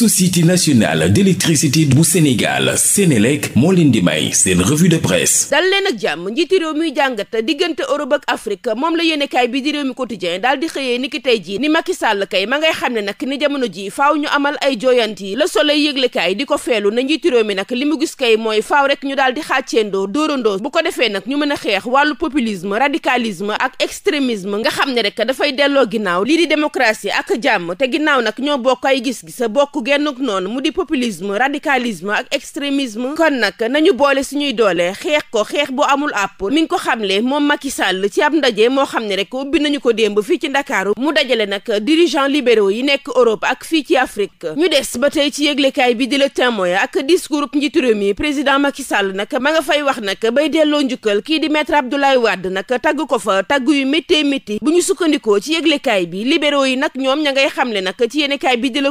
société nationale d'électricité bu Sénégal Sénélec moo leen di may seen revue de presse dal leen ak jàmm njiiti réew muy jàngat diggante Europe ak Afrique moom la yéenekaay bi di réew mi quotidien daal di xëyee ni jii ni Macky Sall kay ma ngay xam ne nag ni jamono ji faaw ñu amal ay jooyant yi Le Soleil yëglekaay di ko feelu na njiiti mi nag li mu gis kay mooy faaw rek ñu daal di xàcceendoo dóorandoo bu ko defee nag ñu mën a xeex wàllu populisme radicalisme ak extrémisme nga xam ne rek dafay delloo ginnaaw lii di démocratie gennuk noonu mu di populisme radicalisme ak extrémisme kon nag nañu boole suñuy doole xeex ko xeex bu amul àpp mi nga ko xamle moom Macky Sall ci ab ndaje moo xam ne rek ubbi nañu ko démb fii ci Ndakaaru mu dajale nag dirigeants libéraux yi nekk Europe ak fii ci Afrique ñu des ba tey ci yëglekaay bi di Le Témoin ak discours njiitu réew mi président Macky Sall nag ma nga fay wax nag bay delloo njukkal kii di maître Abdoulaye wàdd nag tagg ko fa tagg yu méttee métti bu ñu sukkandikoo ci yëglekaay bi libéraux yi nag ñoom ña ngay xam xamle nag ci yéenekaay bi di Le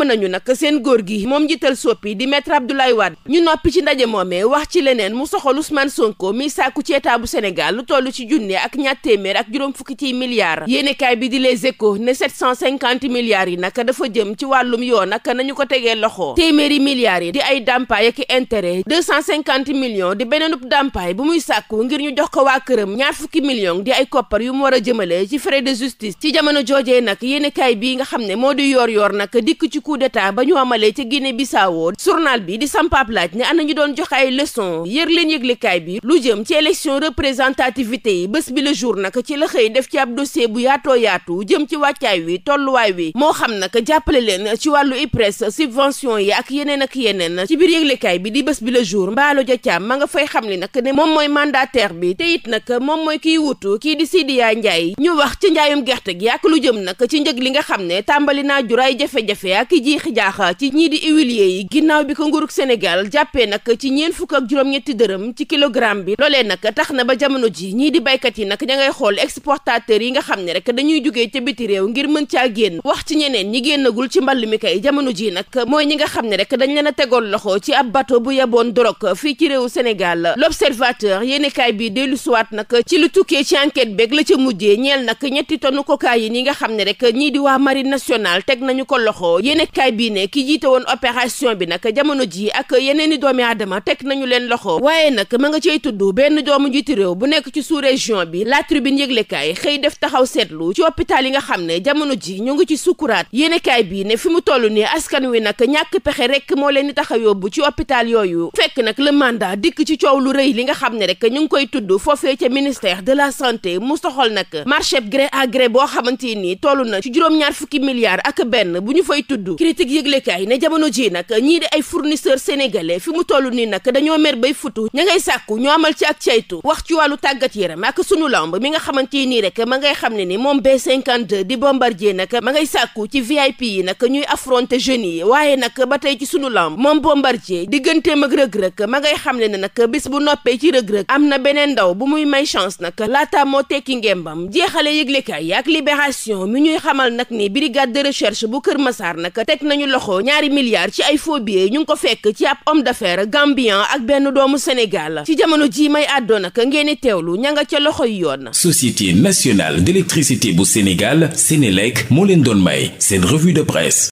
sàmm nañu nag góor gi moom njiital soppi di maître Abdoulaye Wade ñu noppi ci ndaje moomee wax ci leneen mu soxal Ousmane Sonko mi sàkku ci état bu Sénégal lu toll ci junne ak ñaar ak juróom fukki ciy milliards yéenekaay bi di Les Échos ne 750 milliards yi nag dafa jëm ci wàllum yoon ak nañu ko tegee loxo téeméeri milliards yi di ay dàmpaay ak intérêt 250 millions di beneenub dàmpaay bu muy sàkku ngir ñu jox ko waa këram ñaar fukki millions di ay koppar yu mu war a jëmale ci frais de justice ci jamono joojee nag yéenekaay bi nga xam ne moo di yor yor nag dikk ci coup d'état ba ñu amalee ca Guinée Bissau journal bi di sampaab laaj ne ana ñu doon joxe ay leçon yër leen yëglekaay bi lu jëm ci élection représentativité yi bés bi la jour nag ci la xëy def ci ab dossier bu yaatoo yaatu jëm ci wàccaay wi tolluwaay wi moo xam nag jàppale leen ci wàllu IPRES subvention yi ak yeneen ak yeneen ci biir yëglekaay bi di bés bi le jour mbaalo ja caam ma nga fay xam ni nag ne moom mooy mandataire bi te it nag moom mooy kiy wutu kii di Sidiya Ndiaye ñu wax ci njaayum gerte gi ak lu jëm nag ci njëg li nga xam ne tàmbali naa juraay jafe-jafe di jiixi jaaxa ci ñii di huiliers yi ginnaaw bi ko nguurug Sénégal jàppee nag ci ñeen fukk ak juróom-ñetti dërëm ci kilogramme bi loolee nag tax na ba jamono ji ñii di baykat yi nag ña ngay xool exportateurs yi nga xam ne rek dañuy jugee ca biti réew ngir mën caa génn wax ci ñeneen ñi génnagul ci mball mi kay jamono ji nag mooy ñi nga xam ne rek dañ leen a tegoon loxo ci ab bateau bu yeboon drogue fii ci réew Sénégal l'observateur yéenekaay bi dellu suwaat nag ci lu tukkee ci enquête beeg la ca mujjee ñeel nag ñetti tonnu cocaïne yi nga xam ne rek ñii di waa marine national teg nañu ko loxo yéene yëglekaay bii ne ki jiite woon opération bi nag jamono ji ak yeneen i doomi aadama teg nañu leen loxo waaye nag ma nga cee tudd benn doomu jiiti réew bu nekk ci suur région bi la tribune yëglekaay xëy def taxaw seetlu ci hôpital yi nga xam ne jamono ji ñu ngi ci sukuraat yéenekaay bii ne fi mu toll nii askan wi nag ñàkk pexe rek moo leen di tax a yóbbu ci hôpital yooyu fekk nag le mandat dikk ci coow lu rëy li nga xam ne rek ñu ngi koy tudd foofee ca ministère de la santé mu soxol nag marché gré à boo xamante ni toll na ci juróom fukki milliards ak benn bu ñu fay tudd critique yëglekaay ne jamono ji nag ñii di ay fournisseur sénégalais fi mu toll nii nag dañoo mer bay futu ña ngay sàkku ñoo amal ci ak caytu wax ci wàllu tàggat yaram ak sunu làmb mi nga xamante nii rek ma ngay xam ne ni moom B52 di bombardier nag ma ngay sàkku ci VIP yi nag ñuy affronter jeunes yi waaye nag ba tey ci sunu làmb moom bombardier digganteem ak rëg-rëg ma ngay xam ne ne nag bis bu noppee ci rëg-rëg am na beneen ndaw bu muy may chance nag laata moo tekki ngembam jeexale yëglekaay yi ak libération ñuy xamal nag ni brigade de recherche bu Kër Massar nag teg nañu loxo ñaari milliards ci ay faux ñu ngi ko fekk ci ab homme d'affaires gambien ak benn doomu Sénégal ci jamono jii may àddoon ka ngeen teewlu ña nga ca loxo yi yoon. Société nationale d'électricité bu Sénégal Sénélec moo leen doon may seen revue de presse.